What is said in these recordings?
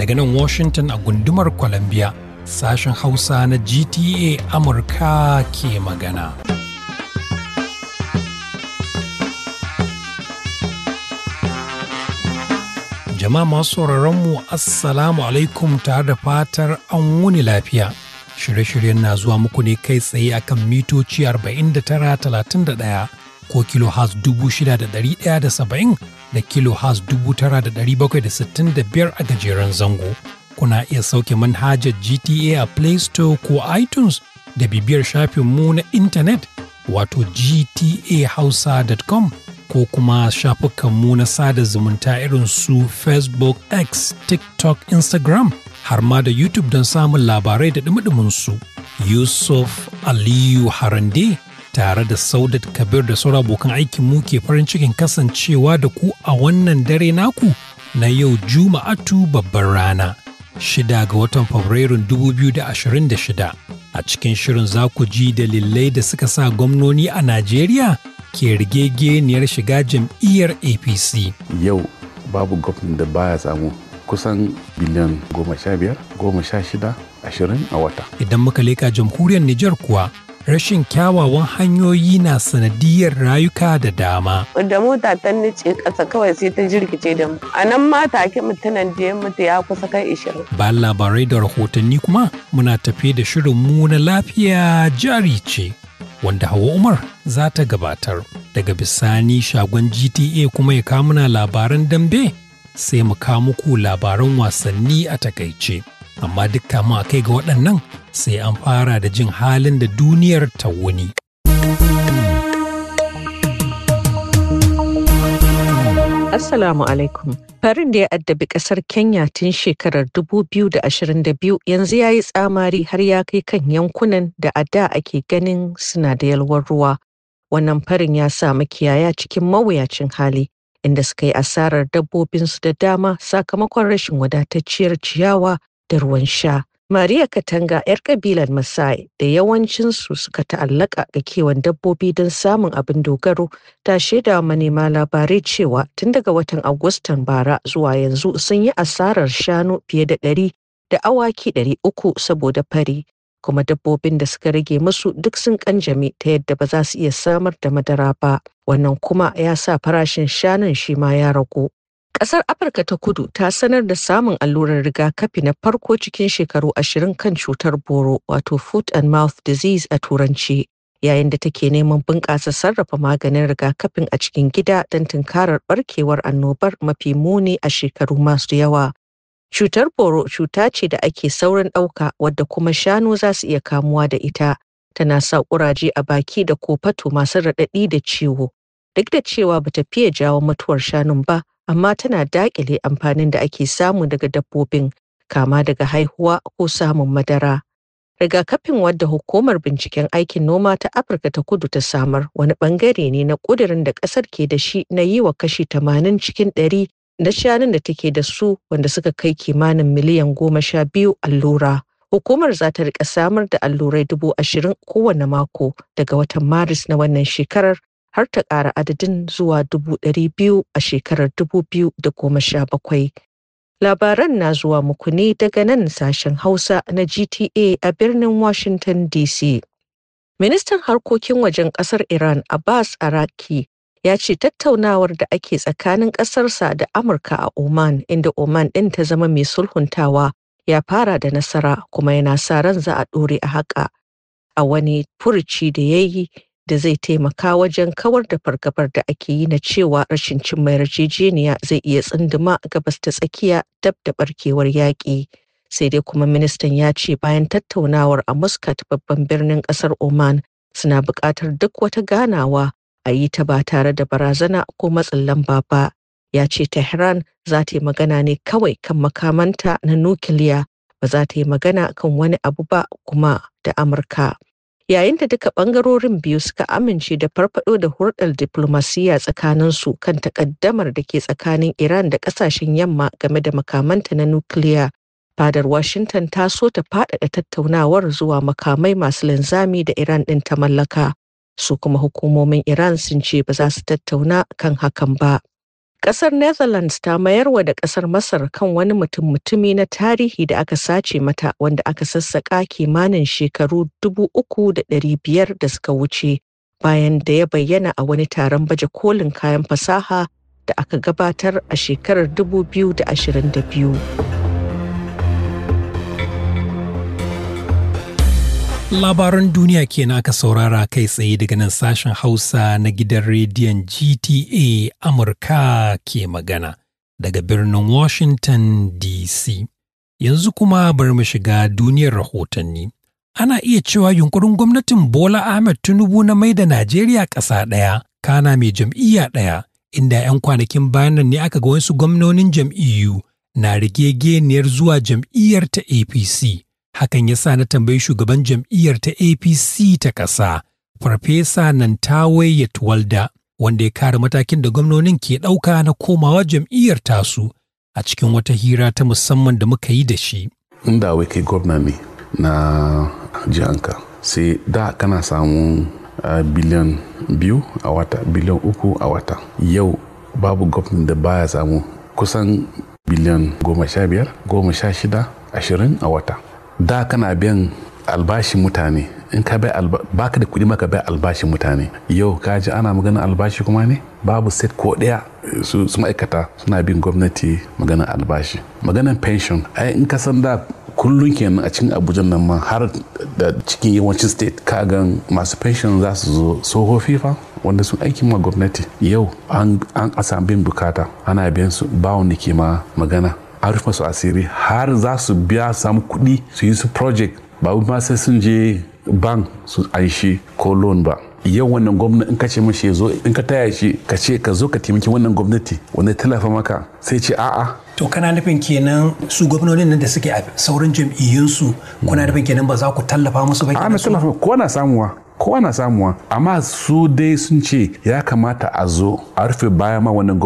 daga nan Washington a gundumar Columbia sashen Hausa na GTA Amurka ke magana. Jama'a masu mu Assalamu alaikum tare da fatar an wuni lafiya. Shirye-shiryen na zuwa muku ne kai tsaye akan mitoci 49 31 ko kilo has 6,170 da kilo has biyar a gajeren zango. Kuna iya sauke manhajar GTA a Play Store ko iTunes da bibiyar shafin mu na intanet wato gtahausa.com ko kuma shafukanmu na sada zumunta irin su Facebook, X, TikTok, Instagram har ma da YouTube don samun labarai da dumi su. Yusuf Aliyu Harande tare da Saudat Kabir da sauran abokan aikin mu ke farin cikin kasancewa da ku a wannan dare naku na yau Juma'atu babbar rana. Shida ga watan Fabrairun 2026 a cikin shirin za ku ji dalilai da suka sa gwamnoni a Najeriya ke rigegeniyar shiga jam'iyyar APC. Yau babu gwamnan da baya samu kusan biliyan goma sha biyar, goma sha shida, ashirin a wata. Idan muka leka jamhuriyar Nijar kuwa rashin kyawawan hanyoyi na sanadiyar rayuka da dama. Da mota ta nice ƙasa kawai sai ta jirgice da mu. A nan ma take mutunan da ya mutu ya kusa kai ishirin. Ba labarai da rahotanni kuma muna tafe da shirin mu na lafiya jari ce. Wanda Hawa Umar za ta gabatar. Daga bisani shagon GTA kuma ya kamuna labaran dambe sai mu kawo muku labaran wasanni a takaice. Amma duk kama kai ga waɗannan sai an fara da jin halin da duniyar ta wuni. Assalamu alaikum. Farin da ya addabi ƙasar Kenya tun shekarar 2022 yanzu ya yi tsamari har ya kai kan yankunan da a da ake ganin suna da yalwar ruwa. Wannan farin ya sa makiyaya cikin mawuyacin hali inda suka yi asarar dabbobinsu da dama sakamakon rashin wadatacciyar ciyawa da ruwan sha. Maria Katanga 'yar kabilar Masai da yawancinsu suka ta'allaka ga kiwon dabbobi don samun abin dogaro ta shaida manema labarai cewa tun daga watan Agustan bara zuwa yanzu sun yi asarar shanu fiye da ɗari da awaki ɗari uku saboda fari kuma dabbobin da suka rage musu duk sun kanjame ta yadda ba za su iya samar da madara ba wannan kuma ya sa farashin shanun shi ma ya ragu. Ƙasar Afirka ta Kudu ta sanar da samun allurar rigakafi na farko cikin shekaru ashirin kan cutar boro wato foot and mouth disease a turanci yayin da take neman bunƙasa sarrafa maganin rigakafin a cikin gida don tunkarar ɓarkewar annobar mafi muni a shekaru masu yawa. Cutar boro cuta ce da ake saurin ɗauka wadda kuma shanu za su iya kamuwa da ita. Tana sa ƙuraje a baki da kofato masu raɗaɗi da ciwo. Duk da cewa bata fiye jawo mutuwar shanun ba, amma tana daƙile amfanin da ake samu daga dabbobin kama daga haihuwa ko samun madara. Rigakafin wadda hukumar binciken aikin noma ta Afirka ta kudu ta samar wani ɓangare ne na ƙudurin da ƙasar ke da shi na yi wa kashi 80 cikin 100 na shanun da take da su wanda suka kai kimanin miliyan 12 allura. Hukumar za ta rika samar da allurai 20,000 kowane mako daga watan Maris na wannan shekarar har ta ƙara adadin zuwa dubu biyu a shekarar dubu biyu da goma sha bakwai. Labaran na zuwa muku ne daga nan sashen Hausa na GTA a birnin Washington DC. Ministan harkokin wajen ƙasar Iran Abbas Araki ya ce tattaunawar da ake tsakanin ƙasarsa da Amurka a Oman inda Oman ɗin ta zama mai sulhuntawa ya fara da nasara kuma yana sa ran za a ɗore a haƙa. A wani furuci da ya yi da zai taimaka wajen kawar da fargabar da ake yi na cewa rashin cimma yarjejeniya zai iya tsinduma gabas ta tsakiya dab da barkewar yaƙi. Sai dai kuma ministan ya ce bayan tattaunawar a Muscat babban birnin ƙasar Oman suna buƙatar duk wata ganawa a yi ta ba tare da barazana ko matsin lamba ba. Ya ce Tehran za ta yi magana ne kawai kan makamanta na nukiliya ba za ta yi magana kan wani abu ba kuma da Amurka. yayin da duka bangarorin biyu suka amince da farfaɗo da diplomasiya tsakanin su kan takaddamar da ke tsakanin Iran da ƙasashen yamma game da makamanta na nukiliya. Fadar Washington ta so ta faɗaɗa tattaunawar zuwa makamai masu linzami da Iran ɗin ta mallaka. Su kuma hukumomin Iran sun ce ba za su tattauna kan hakan ba. Ƙasar Netherlands ta mayarwa da ƙasar Masar kan wani mutum-mutumi na tarihi da aka sace mata wanda aka sassaƙa kimanin shekaru 3,500 da suka wuce bayan da ya bayyana a wani taron baje kolin kayan fasaha da aka gabatar a shekarar 2022. Labaran duniya kenan aka saurara kai tsaye daga nan sashen Hausa na gidan rediyon GTA Amurka ke magana daga birnin Washington DC. Yanzu kuma bari mu shiga duniyar rahotanni. Ana iya cewa yunkurin gwamnatin Bola Ahmed Tinubu na mai da Najeriya ƙasa ɗaya, kana mai jam'iyya ɗaya, inda 'yan kwanakin bayan nan ne aka ga wasu gwamnonin jam'iyyu na rigegeniyar zuwa jam'iyyar ta APC. hakan ya sa na tambayi shugaban jam'iyyar ta apc ta ƙasa farfesa nantawe yatwalda wanda ya kare matakin da gwamnonin ke ɗauka na komawa jam'iyyar tasu a cikin wata hira ta musamman da muka yi da shi. Inda wai kai gwamna ne na jihanka sai da kana samun ah, biliyan biyu a wata biliyan uku a wata yau babu gwamnan da baya samu kusan biliyan goma sha biyar goma sha shida ashirin a wata da kana biyan albashin mutane in ka bai baka da kuɗi maka bai albashin mutane yau ka ji ana magana albashi kuma ne babu set ko ɗaya su ma'aikata suna bin gwamnati magana albashi maganan pension ai in ka san da kullun kenan a cikin abuja nan ma har da cikin yawancin state ka gan masu pension za su zo tsohofi fa wanda sun aiki ma gwamnati yau an asambin bukata ana biyan su bawon da ke ma magana an rufe su asiri har za su biya samu kuɗi su yi su project ba ma sai sun je bank su aishi ko loan ba yau wannan gwamna in ka ce mashi ya zo in ka taya shi ka ce ka zo ka taimaki wannan gwamnati wanda tallafa maka sai ce a'a to kana nufin kenan su gwamnonin nan da suke a sauran jam'iyyunsu kuna nufin kenan ba za ku tallafa musu ba kenan su ko na samuwa ko na samuwa amma su dai sun ce ya kamata a zo a rufe baya ma wannan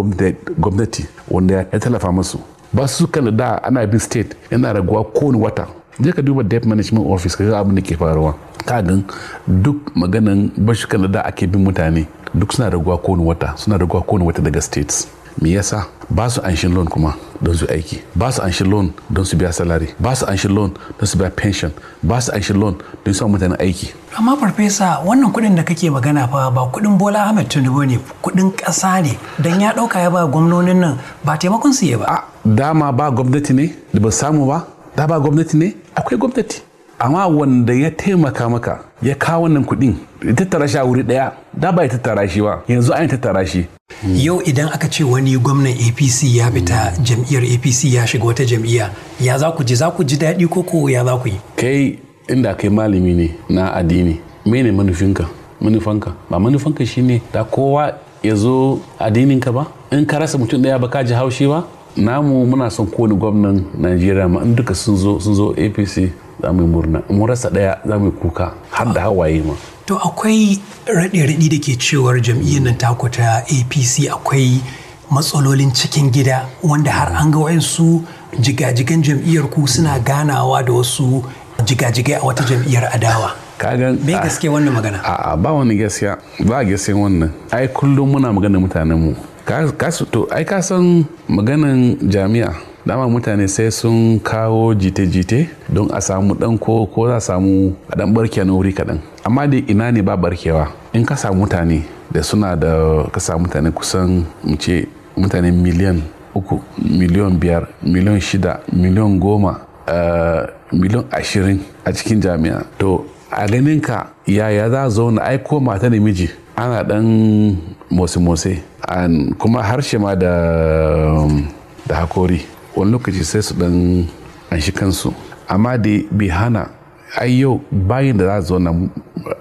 gwamnati wanda ya tallafa musu ba su kan da ana bin state yana raguwa kowane wata je ka duba debt management office ka abin da ke faruwa ka gan duk maganan bashukan da ake bin mutane duk suna raguwa kowane wata suna raguwa kowane wata daga states me yasa ba su anshin loan kuma don su aiki ba su anshin loan don su biya salari ba su anshin loan don su biya pension ba su anshin loan don su mutane aiki amma farfesa wannan kudin da kake magana fa ba kudin bola ahmed tinubu ne kudin kasa ne don ya dauka ya ba gwamnonin nan ba taimakon su ba dama ba gwamnati ne da ba samu ba da ba gwamnati ne akwai gwamnati amma wanda ya taimaka maka ya kawo wannan kuɗin ya tattara shi a wuri ɗaya da ba ya tattara shi ba yanzu an tattara shi yau idan aka ce wani gwamnan apc ya fita jam'iyyar apc ya shiga wata jam'iyya ya za ku ji za ku ji daɗi ko ko ya za ku yi kai inda kai malami ne na addini mene manufinka manufanka ba manufanka shine da kowa ya zo addininka ba in ka rasa mutum daya ba ka ji haushi ba namu muna son kowane gwamnan najeriya ma in duka sun zo sun apc za mu yi murna mu rasa daya za mu yi kuka har da hawaye ma to akwai raɗe-raɗi da ke cewar jam'iyyar nan taku ta apc akwai matsalolin cikin gida wanda har an ga wayansu jigajigan jam'iyyar ku suna ganawa da wasu jigajigai a wata jam'iyyar adawa kagan me ah, gaske wannan magana a'a ba wani gaskiya ba gaske wannan ai kullum muna magana mutanen mu to ai ka san maganan jami'a dama mutane sai sun kawo jite-jite don a samu dan ko ko za samu a dan barke na wuri kaɗan amma da ina ne ba barkewa in ka samu mutane da suna da ka samu mutane kusan mu ce mutane miliyan uku miliyan biyar miliyan shida miliyan goma eh, miliyan ashirin a cikin jami'a to a ganinka yaya za zauna ai ko mata da miji ana dan mose-mose kuma harshe ma da da hakori wani lokaci sai su dan anshi kansu amma da bi hana ai yau bayan da za zo na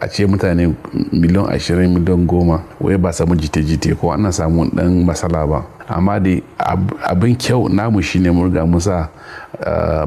a ce mutane miliyan ashirin miliyan goma wai ba samu jite-jite ko ana samu dan masala ba amma da abin kyau namu shine mun musa eh,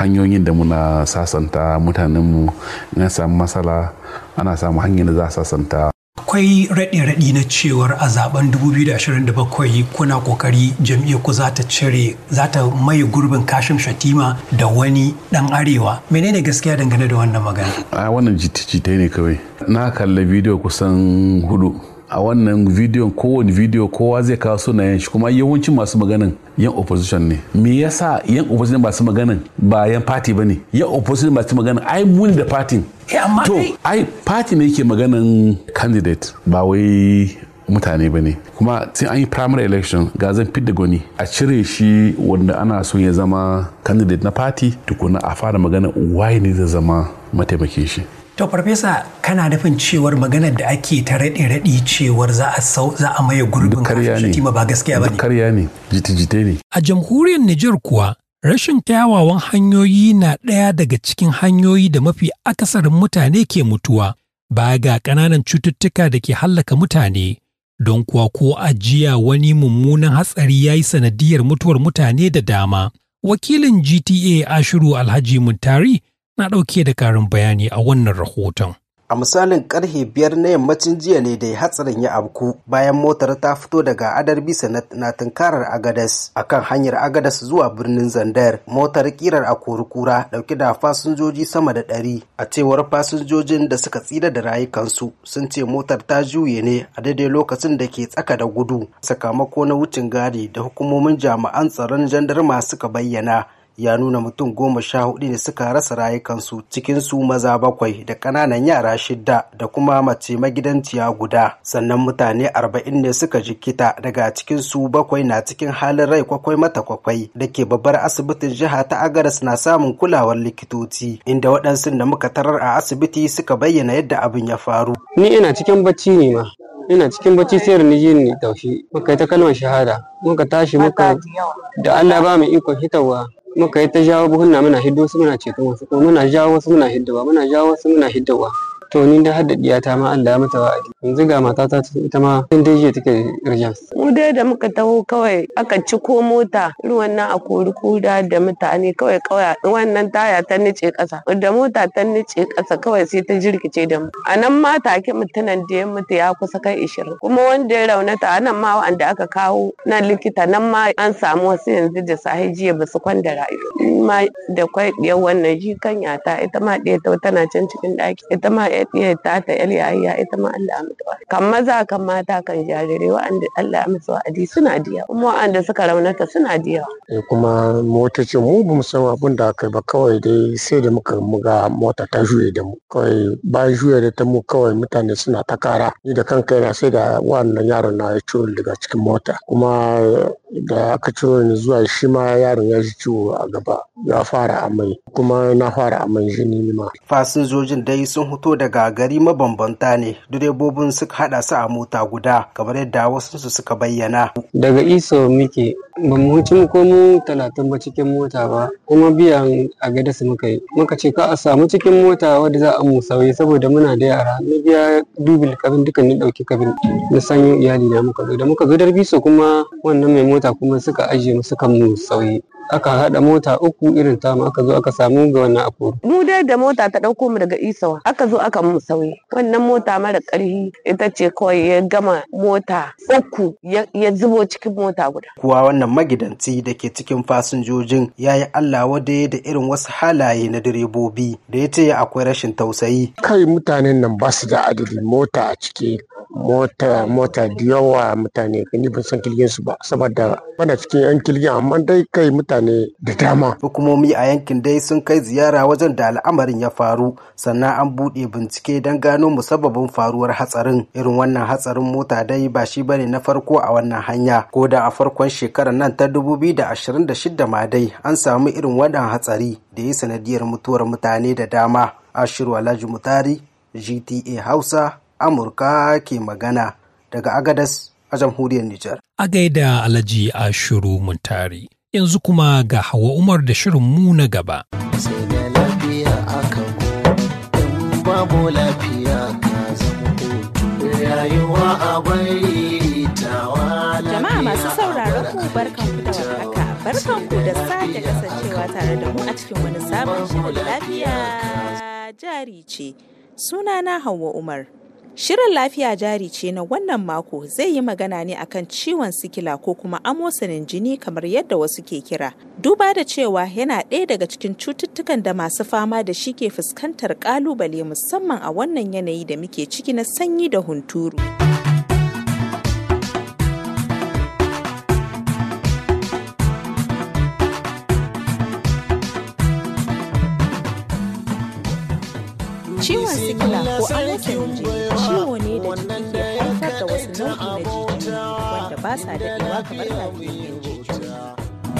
hanyoyin da muna sasanta mutanenmu na samu masala ana samu hanyar da za a sasanta akwai raɗe-raɗi na cewar a zaben 2027 kuna kokari jam'iyyar ku za ta cire za ta maye gurbin kashim shatima da wani ɗan arewa menene gaskiya dangane da wannan magana a wannan jita-jita ne kawai na kalla bidiyo kusan hudu a wannan bidiyon kowane bidiyo kowa zai kawo yan shi kuma yawancin masu maganin yan opposition ne me yasa yan opposition masu maganin ba yan party bane yan opposition masu maganin ai mun da party eh, to ai party ne yake maganin candidate ba wai mutane ba ne kuma sai an yi primary election ga zan fit da gwani a cire shi wanda ana so ya zama candidate na party tukuna a fara magana waye ne zai zama mataimakin shi To farfesa kana nufin cewar maganar da ake ta raɗe-raɗi cewar za a sau za a maye gurbin Shatima ba gaskiya ba ne. ne, jita-jita ne. A jamhuriyar Nijar kuwa rashin kyawawan hanyoyi na ɗaya daga cikin hanyoyi da mafi akasarin mutane ke mutuwa. Ba ga ƙananan cututtuka da ke hallaka mutane. Don kuwa ko ajiya wani mummunan hatsari ya yi sanadiyar mutuwar mutane da dama. Wakilin GTA Ashiru Alhaji Muntari na ɗauke da karin bayani a wannan rahoton. a misalin karhe biyar na yammacin jiya ne da ya hatsarin ya abku bayan motar ta fito daga adar bisa na tunkarar agadas a kan hanyar agadas zuwa birnin zandar motar kirar a kurkura ɗauke da fasinjoji sama da ɗari a cewar fasinjojin da suka tsira da rayukansu sun ce motar ta juye ne a daidai lokacin da ke tsaka da gudu sakamako na wucin gadi da hukumomin jami'an tsaron jandarma suka bayyana ya nuna mutum goma sha hudu ne suka rasa rayukansu cikinsu maza bakwai da ƙananan yara shidda da kuma mace magidanciya guda sannan mutane arba'in ne suka jikita daga su bakwai na cikin halin rai kwakwai mata kwakwai da ke babbar asibitin jiha ta agaras na samun kulawar likitoci inda waɗansu da muka tarar a asibiti suka bayyana yadda abin ya faru. ni ina cikin bacci ne ma ina cikin bacci sai rinji ne taushe muka yi ta kalmar shahada muka tashi muka da allah ba mu iko hitawa muka yi ta jawo buhunna muna hiddo wasu muna ceto wasu kuma muna jawo wasu muna hiddawa muna jawo wasu muna hiddawa to ni da hadda diyata ma an da mata wa'adi yanzu ga matata ita ma tun dai je take rijan mu dai da muka taho kawai aka ci ko mota irin wannan a kori kuda da mutane kawai kawai wannan taya ta nice kasa da mota ta nice kasa kawai sai ta jirkice da mu a nan ma take mutunan da ya mutu ya kusa kai ishirin kuma wanda ya raunata a nan ma wanda aka kawo na likita nan ma an samu wasu yanzu da sahi jiya ba su kwanda rayuwa ma da kwai ɗiyar wannan jikanya ta ita ma ɗaya tana can cikin ɗaki ita ma ya ta yar yayya ita ma Allah kan maza kan mata kan jarirai wa'anda Allah musu wa'adi suna diya kuma wa'anda suka raunata suna diya eh, kuma ce mu bamu san abin da aka ba kawai dai sai da muka muga mota ta juye da mu kawai bayan juye da ta mu kawai mutane suna takara, ni da kanka yana sai da wannan yaron na ya ciwo daga cikin mota kuma da aka ciro ni zuwa shi ma yaron ya ji ciwo a gaba ya fara amai kuma na fara amai jini ma. fasinjojin dai sun fito daga gari mabambanta ne direbobin suka hada su a mota guda kamar yadda wasu su suka bayyana daga iso muke ba mu huci ko mu talatin ba cikin mota ba kuma biyan a gada su muka yi muka ce ka a samu cikin mota wadda za a mu sauye saboda muna da yara na biya dubil kabin duka ni dauki kabin na sanyo iyali na muka zo da muka zo darbiso kuma wannan mai mota kuma suka ajiye mu suka mu sauyi aka haɗa mota uku irin ta mu aka zo aka samu ga wannan akoro. Mu dai da mota ta ɗauko mu daga Isawa aka zo aka mu sauyi. Wannan mota mara ƙarfi ita ce kawai ya gama mota uku ya zubo cikin mota guda. Kuwa wannan magidanci da ke cikin fasinjojin ya yi Allah wade da irin wasu halaye na direbobi da ya ce akwai rashin tausayi. Kai mutanen nan ba su da adadin mota a ciki mota mota da yawa mutane ni ban san kilgin su ba saboda bana cikin yan kilgin amma dai kai mutane da dama hukumomi a yankin dai sun kai ziyara wajen da al'amarin ya faru sannan an buɗe bincike don gano musabbabin faruwar hatsarin irin wannan hatsarin mota dai ba shi bane na farko a wannan hanya ko da a farkon shekarar nan ta 2026 ma dai an samu irin wannan hatsari da ya sanadiyar mutuwar mutane da dama ashiru alhaji mutari gta hausa Amurka ke magana daga Agadas a jamhuriyar Nijar. A gaida Alhaji Ashiru Muntari. Yanzu kuma ga Hawa Umar da shirin mu na gaba. Sai da lafiya lafiya a Jama'a masu sauraron ku barkanku da warhaka. Barkanku da sake kasancewa tare da mu a cikin wani sabon shirin lafiya jari ce. Sunana Hauwa Umar. Shirin lafiya jari ce na wannan mako zai yi magana ne akan ciwon sikila ko kuma amosanin jini kamar yadda wasu ke kira. Duba da cewa yana ɗaya daga cikin cututtukan da masu fama da shi ke fuskantar ƙalubale musamman a wannan yanayi da muke ciki na sanyi da hunturu. Ciwon sikila ko amosanin jini basa da daɗewa kamar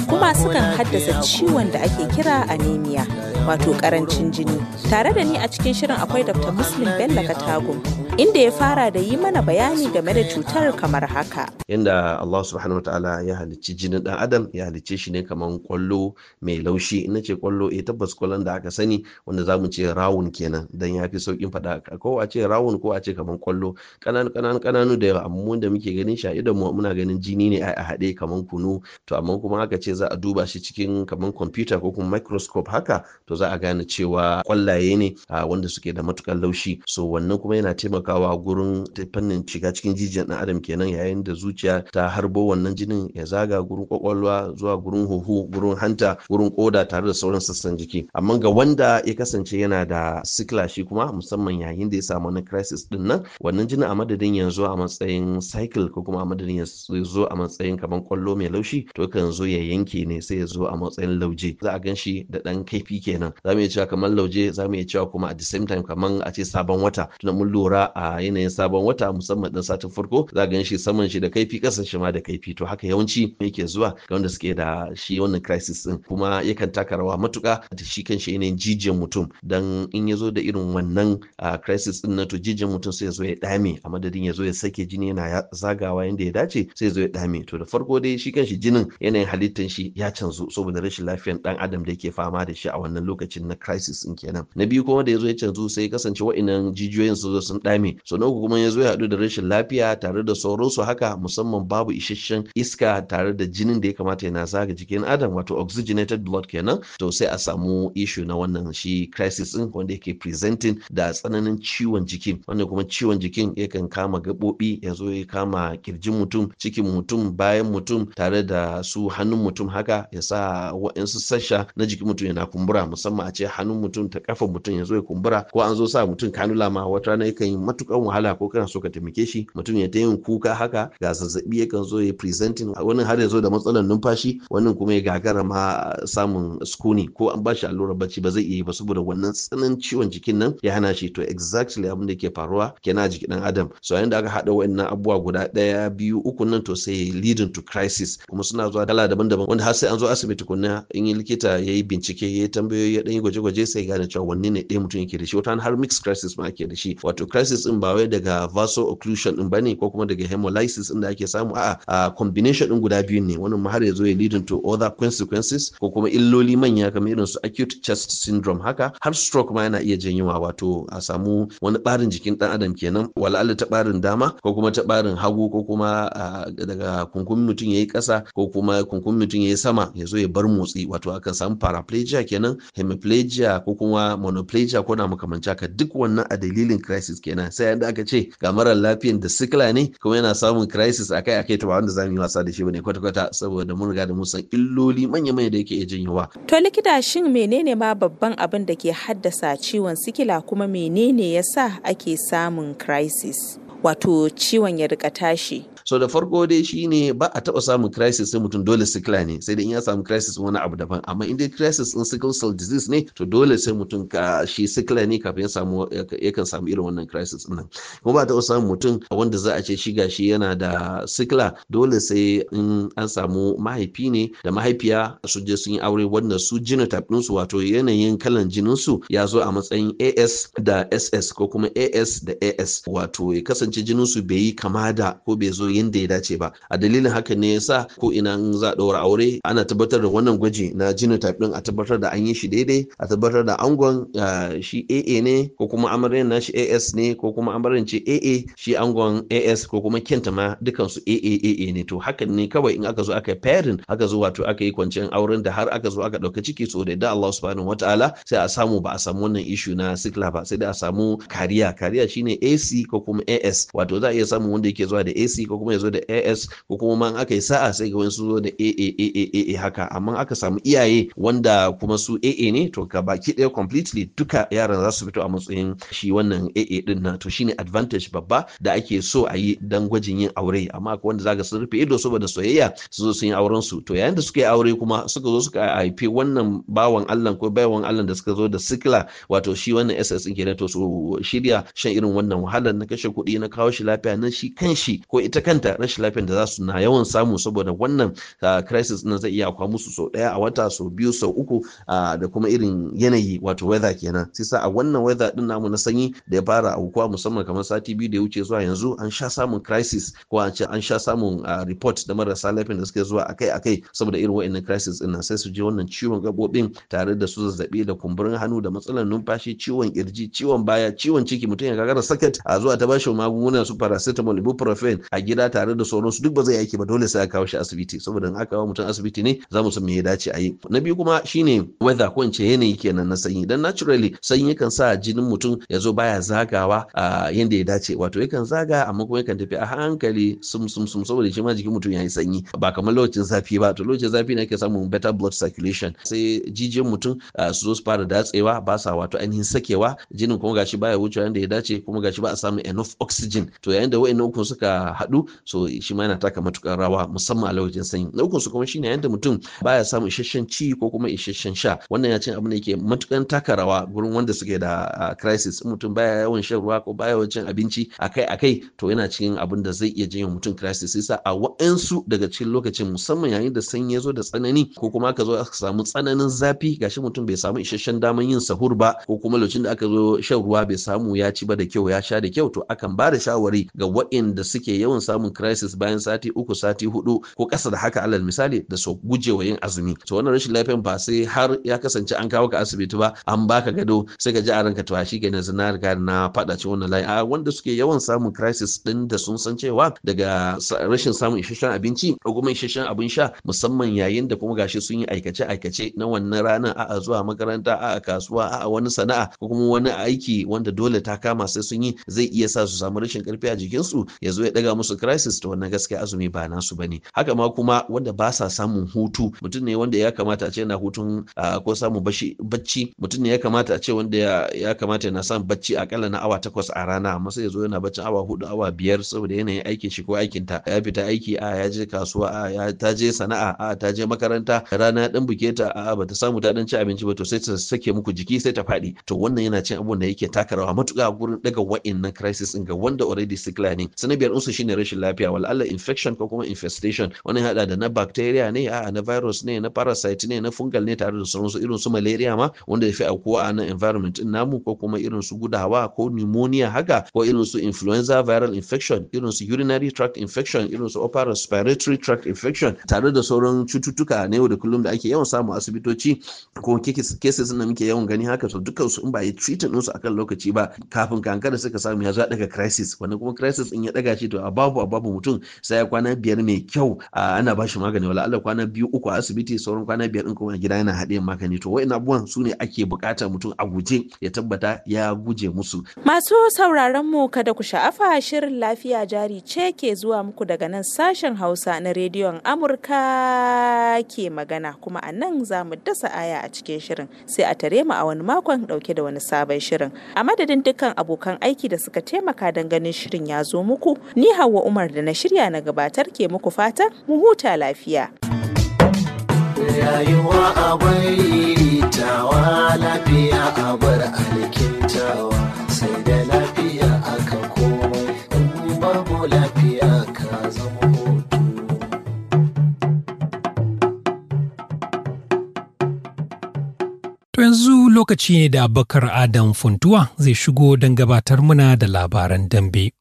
kuma sukan haddasa ciwon da ake kira anemia wato karancin jini tare da ni a cikin shirin akwai dr muslim bello katagum inda ya fara da yi mana bayani game da cutar kamar haka inda allah subhanahu ta'ala ya halicci jinin dan adam ya halicce shi ne kamar kwallo mai laushi in ce kwallo eh tabbas kwallon da aka sani wanda zamu ce rawun kenan dan ya fi saukin faɗa ko a ce rawun ko a ce kamar kwallo kananu kananu kananu da yawa amma da muke ganin shi a idan mu muna ganin jini ne a haɗe kamar kunu to amma kuma aka ce za a duba shi cikin kamar kwamfuta ko kuma microscope haka to za a gane cewa kwallaye ne A wanda suke da matukar laushi so wannan kuma yana taimakawa gurin ta fannin shiga cikin jijiyan ɗan adam kenan yayin da zuciya ta harbo wannan jinin ya zaga gurin kwakwalwa zuwa gurin huhu gurin hanta gurin koda tare da sauran sassan jiki amma ga wanda ya kasance yana da sikila shi kuma musamman yayin da ya samu wani crisis din nan wannan jinin a madadin yanzu a matsayin cycle ko kuma a madadin ya zo a matsayin kamar kwallo mai laushi to kan zo ya yanke ne sai ya zo a matsayin lauje za a gan shi da ɗan kaifi kenan kenan za mu iya cewa kamar lauje za mu iya cewa kuma at the same time kamar a ce sabon wata tunda mun lura a yanayin sabon wata musamman dan satin farko za ga shi saman shi da kaifi kasan shi ma da kaifi to haka yawanci yake zuwa ga wanda suke da shi wannan crisis din kuma yakan taka rawa matuka da shi kan shi yanayin jijiyan mutum dan in ya zo da irin wannan crisis din na to jijiyan mutum sai ya zo ya dame a madadin ya zo ya sake jini yana zagawa yanda ya dace sai ya zo ya dame to da farko dai shi kan shi jinin yanayin halittan shi ya canzu saboda rashin lafiyan dan adam da yake fama da shi a wannan lokacin na crisis in kenan na biyu kuma da ya zo ya canzu sai kasance wa'innan jijiyoyin su zo sun dame so na uku kuma ya zo ya hadu da rashin lafiya tare da su haka musamman babu isasshen iska tare da jinin da ya kamata yana zaga jikin adam wato oxygenated blood kenan to sai a samu issue na wannan shi crisis din wanda yake presenting da tsananin ciwon jikin wanda kuma ciwon jikin yakan kama gabobi ya zo ya kama kirjin mutum cikin mutum bayan mutum tare da su hannun mutum haka ya sa wa'insu sassa na jikin mutum yana kumbura musamman a ce hannun mutum ta kafa mutum ya zo ya kumbura ko an zo sa mutum kanula ma wata rana yakan yi matukan wahala ko kana so ka taimake shi mutum ya ta yin kuka haka ga zazzabi yakan zo ya presenting wani har ya zo da matsalar numfashi wannan kuma ya gagara ma samun skuni ko an ba shi allurar bacci ba zai iya yi ba saboda wannan tsananin ciwon jikin nan ya hana shi to exactly abin da ke faruwa kenan a jikin dan adam so yayin da aka hada wa'annan abubuwa guda daya biyu uku nan to sai leading to crisis kuma suna zuwa dala daban-daban wanda har sai an zo asibiti kunna in yi likita ya yi bincike ya yi tambayoyi tambayoyi ya ɗanyi gwaje-gwaje sai gane cewa wanne ne ɗaya mutum yake da shi wata har mix crisis ma ake da shi wato crisis ɗin ba wai daga vaso occlusion ɗin ne, ko kuma daga hemolysis ɗin da ake samu a'a a combination ɗin guda biyu ne wannan ma har ya zo ya leading to other consequences ko kuma illoli manya kamar irin su acute chest syndrome haka har stroke ma yana iya janyowa wato a samu wani ɓarin jikin ɗan adam kenan wala'ala ta ɓarin dama ko kuma ta ɓarin hagu ko kuma daga kunkumin mutum ya yi ƙasa ko kuma kunkumin mutum ya yi sama ya zo ya bar motsi wato akan samu paraplegia kenan hemiplegia ko kuma monoplegia ko na makamanci haka duk wannan a dalilin crisis kenan sai yadda aka ce ga marar lafiyan da sikila ne kuma yana samun crisis akai akai ta da wanda zamu yi wasa da shi bane kwata kwata saboda mun riga da mun san illoli manya manya da yake iya janyowa to likita shin menene ma babban abin da ke haddasa ciwon sikila kuma menene yasa ake samun crisis wato ciwon ya rika tashi so da farko dai shine ba a taba samun crisis sai mutum dole sikila ne sai dai in ya samu crisis wani abu daban amma in dai crisis in sickle cell disease ne to dole sai mutum ka shi sikla ne kafin ya samu yakan samu irin wannan crisis din kuma ba a taba samun mutum wanda za a ce shi gashi yana da sikla dole sai in an samu mahaifi ne da mahaifiya su je sun yi aure wanda su genotype ɗinsu wato yanayin kalan jinin su ya zo a matsayin AS da SS ko kuma AS da AS wato ya kasance kasance jinin su bai yi kama da ko bai zo yadda ya dace ba a dalilin haka ne yasa ko ina in za ɗaura aure ana tabbatar da wannan gwaji na ta din a tabbatar da an yi shi daidai a tabbatar da angon shi AA ne ko kuma na shi AS ne ko kuma amaryar ce AA shi angon AS ko kuma kenta ma dukan su aa ne to haka ne kawai in aka zo aka pairing aka zo wato aka yi kwanciyar auren da har aka zo aka ɗauka ciki so da yadda Allah subhanahu wataala sai a samu ba a samu wannan issue na sikla ba sai dai a samu kariya kariya shine AC ko kuma AS as wato za a iya samun wanda yake zuwa da ac ko kuma ya zo da as ko kuma ma aka yi sa'a sai ga wani zo da AA haka amma aka samu iyaye wanda kuma su aa ne to ka baki ɗaya completely duka yaran za su fito a matsayin shi wannan aa din na to shine advantage babba da ake so a yi dan gwajin yin aure amma akwai wanda zaka sun rufe ido saboda soyayya su zo sun yi auren su to yayin da suka yi aure kuma suka zo suka haifi wannan bawan Allah ko bawan Allah da suka zo da sikla wato shi wannan SS din kenan to su shirya shan irin wannan wahalar na kashe kuɗi na na kawo shi lafiya na shi kan shi ko ita kanta rashin lafiyar da za su na yawan samu saboda wannan ah, crisis na zai iya kwa musu sau daya a wata sau biyu sau uku ah, da kuma irin yanayi wato weather kenan sai sa a wannan weather din namu na sanyi da ya fara aukuwa musamman kamar sati biyu da ya wuce zuwa yanzu an sha samun crisis ko an ce an sha samun ah, report da marasa lafiyar da suke zuwa akai akai saboda irin wa'annan crisis din sai su je wannan ciwon gabobin tare da su zazzabi da kumburin hannu da matsalar numfashi ciwon kirji ciwon baya ciwon ciki mutum ya gagara sakat a zuwa ta bashi magu magungunan su paracetamol ibuprofen a gida tare da sauran su duk ba zai aiki ba dole sai a kawo shi asibiti saboda in aka kawo mutum asibiti ne za mu san me ya dace a yi na biyu kuma shine weather ko in ce yanayi kenan na sanyi dan naturally sanyi kan sa jinin mutum ya zo baya zagawa a yanda ya dace wato yakan zaga amma kuma yakan tafi a hankali sum sum sum saboda shi ma jikin mutum yayi sanyi ba kamar lokacin zafi ba to lokacin zafi ne ake samun better blood circulation sai jijiyan mutum su zo su fara datsewa ba sa wato ainihin sakewa jinin kuma gashi baya wucewa yanda ya dace kuma gashi ba a samu enough oxygen oxygen to yayin da wa'annan ukun suka haɗu so shi ma yana taka matukar rawa musamman a lokacin sanyi na ukun su kuma shine yayin da mutum baya samun isasshen ci ko kuma isasshen sha wannan ya ce abin da yake matukan taka rawa gurin wanda suke da crisis mutum baya yawan shan ruwa ko baya yawan cin abinci akai akai to yana cikin abin da zai iya janyo mutum crisis sai a wa'ansu daga cikin lokacin musamman yayin da sanyi ya zo da tsanani ko kuma aka zo aka samu tsananin zafi gashi mutum bai samu isasshen daman yin sahur ba ko kuma lokacin da aka zo shan ruwa bai samu ya ci ba da kyau ya sha da kyau to akan ba da da shawari ga waɗanda suke yawan samun crisis bayan sati uku sati hudu ko ƙasa da haka alal misali da su gujewa yin azumi to wannan rashin lafiyan ba sai har ya kasance an kawo ka asibiti ba an baka gado sai ka ji a ranka to a shi ke na riga na faɗa ci wannan layi a wanda suke yawan samun crisis din da sun san cewa daga rashin samun isasshen abinci ko kuma isasshen abin sha musamman yayin da kuma gashi sun yi aikace aikace na wannan ranar a'a zuwa makaranta a'a kasuwa a'a wani sana'a ko kuma wani aiki wanda dole ta kama sai sun yi zai iya sa su samu samu rashin karfi a jikinsu ya zo ya daga musu crisis to wannan gaskiya azumi ba nasu bane haka ma kuma wanda ba sa samun hutu mutum ne wanda ya kamata a ce yana hutun ko samun bacci mutum ne ya kamata a ce wanda ya kamata yana samun bacci akalla na awa takwas a rana amma sai ya zo yana baccin awa hudu awa biyar saboda yanayin aikin shi ko aikin ta ya fita aiki a ya je kasuwa a ya ta je sana'a a ta je makaranta rana ya dan buke ta a bata samu ta dan ci abinci ba to sai ta sake muku jiki sai ta faɗi to wannan yana cin abun da yake taka rawa matuƙa gurin daga wa'innan crisis din ga wanda already sickler ne na biyar ɗinsu shine rashin lafiya wal Allah infection ko kuma infestation wani hada da na bacteria ne a na virus ne na parasite ne na fungal ne tare da sauransu irin su malaria ma wanda ya fi aukuwa a na environment din namu ko kuma irin su gudawa ko pneumonia haka ko irin su influenza viral infection irin su urinary tract infection irin su upper respiratory tract infection tare da sauran cututtuka na yau da kullum da ake yawan samu asibitoci ko cases na muke yawan gani haka to dukkan su in ba yi din su akan lokaci ba kafin kankara suka samu ya zaɗa daga crisis crisis wani kuma crisis in ya daga shi to a babu a babu mutum sai kwana biyar mai kyau ana ba shi magani wala Allah kwana biyu uku a asibiti sauran kwana biyar din kuma gida yana haɗe magani to wa'in abubuwan su ne ake bukata mutum a guje ya tabbata ya guje musu. Masu sauraron mu kada ku sha'afa shirin lafiya jari ce ke zuwa muku daga nan sashen Hausa na rediyon Amurka ke magana kuma a nan za mu dasa aya a cikin shirin sai a tare mu a wani makon dauke da wani sabon shirin. A madadin dukkan abokan aiki da suka taimaka don ganin shirin ya zo muku. Ni hawa Umar da na shirya na gabatar ke muku fata mu huta lafiya. lafiya sai da lafiya. yanzu lokaci ne da bakar Adam Funtuwa zai shigo don gabatar muna da labaran dambe.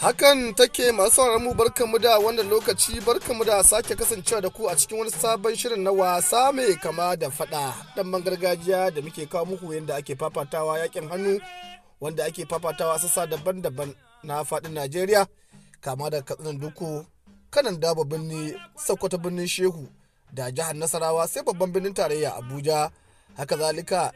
Hakan take masu mu barkamu da wannan lokaci barkamu da sake kasancewa da ku a cikin wani sabon shirin na wasa mai kama da fada dan gargajiya da muke kawo muku yadda ake fafatawa yakin hannu wanda ake fafatawa sassa daban-daban na faɗin najeriya kama da katsinan duku kanan daba birni sokoto birnin shehu da jihar nasarawa sai babban birnin tarayya abuja haka zalika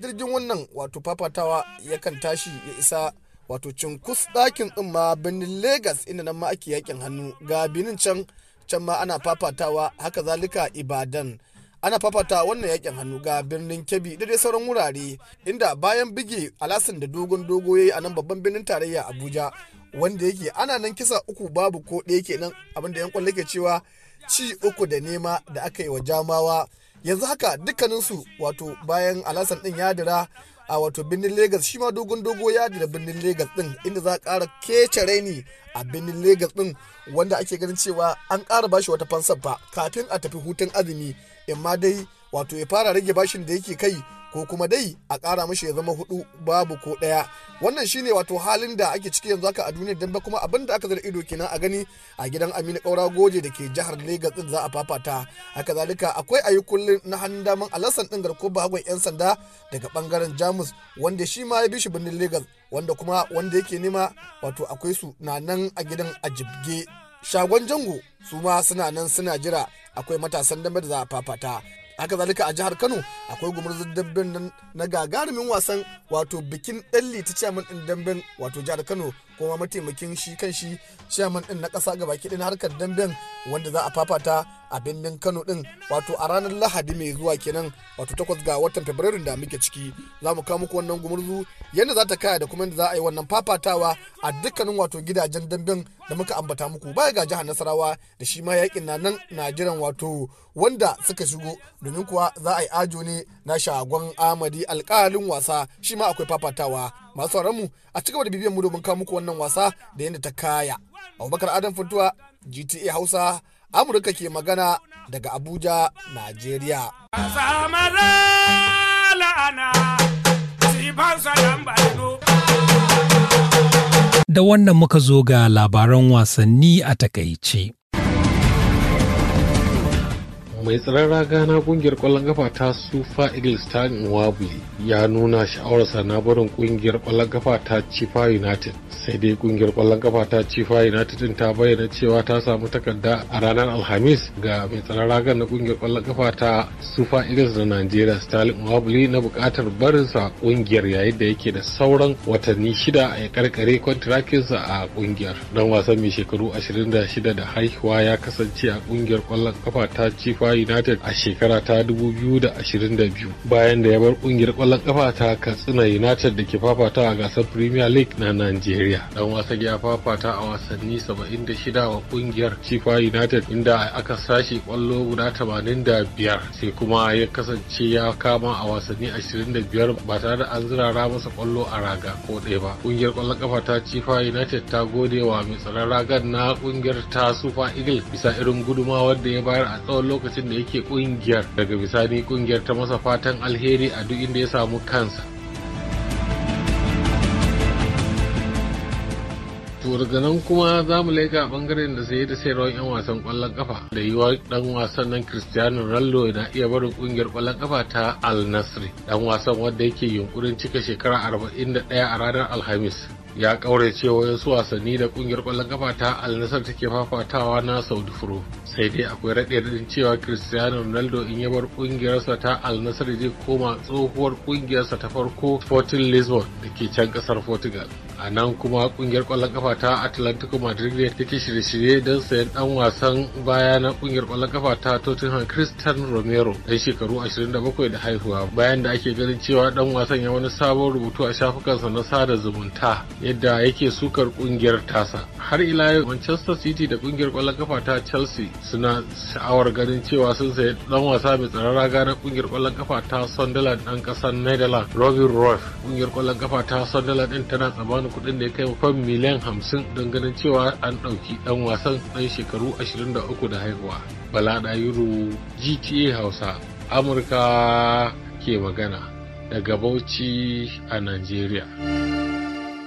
jirgin wannan wato fafatawa yakan tashi ya isa wato cinkus ɗakin ɗin ma birnin Legas inda nan ma ake yakin hannu ga binin can can ma ana fafatawa haka zalika Ibadan ana fafata wannan yakin hannu ga birnin kebbi da dai sauran wurare inda bayan bige alasan da dogon dogo ya yi a nan babban birnin tarayya abuja wanda yake ana nan kisa uku babu ko ɗaya kenan abinda yan kwallo ke cewa ci uku da nema da aka yi wa jamawa yanzu haka dukkaninsu wato bayan alasan din ya dira a wato birnin Legas shi ma dogon dogo ya da birnin Legas din inda za a kara kece raini a birnin Legas ɗin, wanda ake ganin cewa an ƙara bashi wata fansar fa kafin a tafi hutun azumi imma dai wato ya fara rage bashin da yake kai ko kuma dai a ƙara mashi ya zama hudu babu ko ɗaya wannan shine wato halin da ake ciki yanzu haka a duniyar dan kuma abin da aka zara ido kenan a gani a gidan Aminu Kaura Goje da ke jihar Legas din za a fafata haka zalika akwai ayi kullun na hannun daman alasan din garko hagun yan sanda daga bangaren Jamus wanda shi ma ya bi shi birnin legas wanda kuma wanda yake nema wato akwai su na nan a gidan a jibge shagon jango su ma suna nan suna jira akwai matasan dambe da za a fafata haka zalika a jihar kano akwai gumurzun damben na gagarumin wasan wato bikin dan liti chairman ɗin damben wato jihar kano kuma mataimakin shi kan shi chairman ɗin na ƙasa gabaki din harkar damben wanda za a fafata a birnin kano din wato a ranar lahadi mai zuwa kenan wato takwas ga watan fabrairu da muke ciki za mu kawo muku wannan gumurzu yadda za ta kaya da kuma yadda za a yi wannan fafatawa a dukkanin wato gidajen damben da muka ambata muku baya ga jihar nasarawa da shi ma yakin na nan na wato wanda suka shigo domin kuwa za a yi ajo ne na shagon amadi alkalin wasa shi ma akwai fafatawa masu mu a cigaba da bibiyan mu domin kawo muku wannan wasa da yadda ta kaya abubakar adam funtuwa gta hausa Amurka ke magana daga Abuja, Najeriya. Da wannan muka zo ga labaran wasanni a takaice. mai tsaron raga na kungiyar kwallon kafa ta Sufa Eagles ta Nwabli ya nuna sha'awarsa na barin kungiyar kwallon gafa ta Chifa United sai dai kungiyar kwallon kafa ta Chifa United din ta bayyana cewa ta samu takarda a ranar Alhamis ga mai tsaron ragan na kungiyar kwallon gafa ta Sufa Eagles na Najeriya Stalin Nwabli na bukatar barinsa kungiyar yayin da yake da sauran watanni shida a karkare sa a kungiyar dan wasan mai shekaru 26 da haihuwa ya kasance a kungiyar kwallon kafa ta Chifa United a shekara ta 2022 bayan da ya bar kungiyar kwallon kafa ta Katsina United da ke fafata a gasar Premier League na nigeria Dan wasan ya fafata a wasanni 76 wa kungiyar Chifa United inda aka sashi kwallo guda 85 sai kuma ya kasance ya kama a wasanni 25 ba tare da an zirara masa kwallo a raga ko ɗaya ba. Kungiyar kwallon kafa ta Chifa United ta gode wa mai tsaron ragar na kungiyar ta Super Eagle bisa irin gudumawar da ya bayar a tsawon lokacin lokacin da yake kungiyar daga bisani kungiyar ta masa fatan alheri a duk inda ya samu kansa daga nan kuma za mu laika bangaren da saye da sayarwar 'yan wasan kwallon kafa da yiwa dan wasan nan cristiano ronaldo na iya barin kungiyar kwallon kafa ta al nasri dan wasan wanda yake yunkurin cika shekara 41 a ranar alhamis ya cewa wasu wasanni da kungiyar kwallon kafa ta alnasar take fafatawa na saudi Furo, sai dai akwai raɗe cewa cristiano ronaldo in ya bar kungiyarsa ta alnasar zai koma tsohuwar kungiyarsa ta farko sporting lisbon da ke can kasar portugal a nan kuma kungiyar kwallon kafa ta atlantico madrid ne take shirye-shirye don sayan dan wasan baya na kungiyar kwallon kafa ta tottenham christian romero dan shekaru 27 da haihuwa bayan da ake ganin cewa dan wasan ya wani sabon rubutu a shafukansa na sada zumunta yadda yake sukar kungiyar tasa har ila yau manchester city da kungiyar kwallon kafa ta chelsea suna sha'awar ganin cewa sun sayi dan wasa mai tsaron raga na kungiyar kwallon kafa ta sunderland dan kasar netherlands robin roth kungiyar kwallon kafa ta sunderland din tana tsammanin kuɗin da ya kai fam miliyan hamsin don ganin cewa an ɗauki ɗan wasan ɗan shekaru 23 da haihuwa. Bala Ɗayuru GTA Hausa Amurka ke magana daga Bauchi a Najeriya.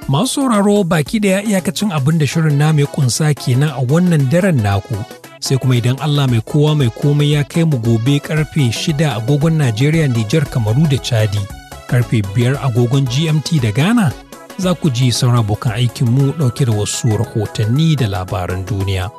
Masu sauraro baki ɗaya iyakacin abin da shirin na mai kunsa kenan a wannan daren naku. Sai kuma idan Allah mai kowa mai komai ya kai mu gobe karfe shida agogon Najeriya, Nijar, Kamaru da Chadi. Karfe biyar agogon GMT da Ghana za ku ji sauran abokan aikinmu ɗauke da wasu rahotanni da labaran duniya.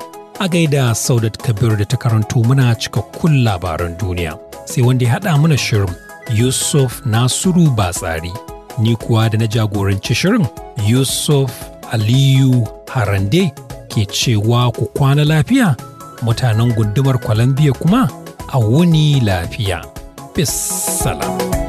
A gaida Saudat Kabir da ta karanto muna cikakkun labaran duniya, sai wanda ya haɗa mana shirin Yusuf Nasiru Batsari, ni kuwa da na jagoranci shirin Yusuf Aliyu Harande ke cewa ku kwana lafiya, mutanen gundumar Colombia kuma a wuni lafiya. Peace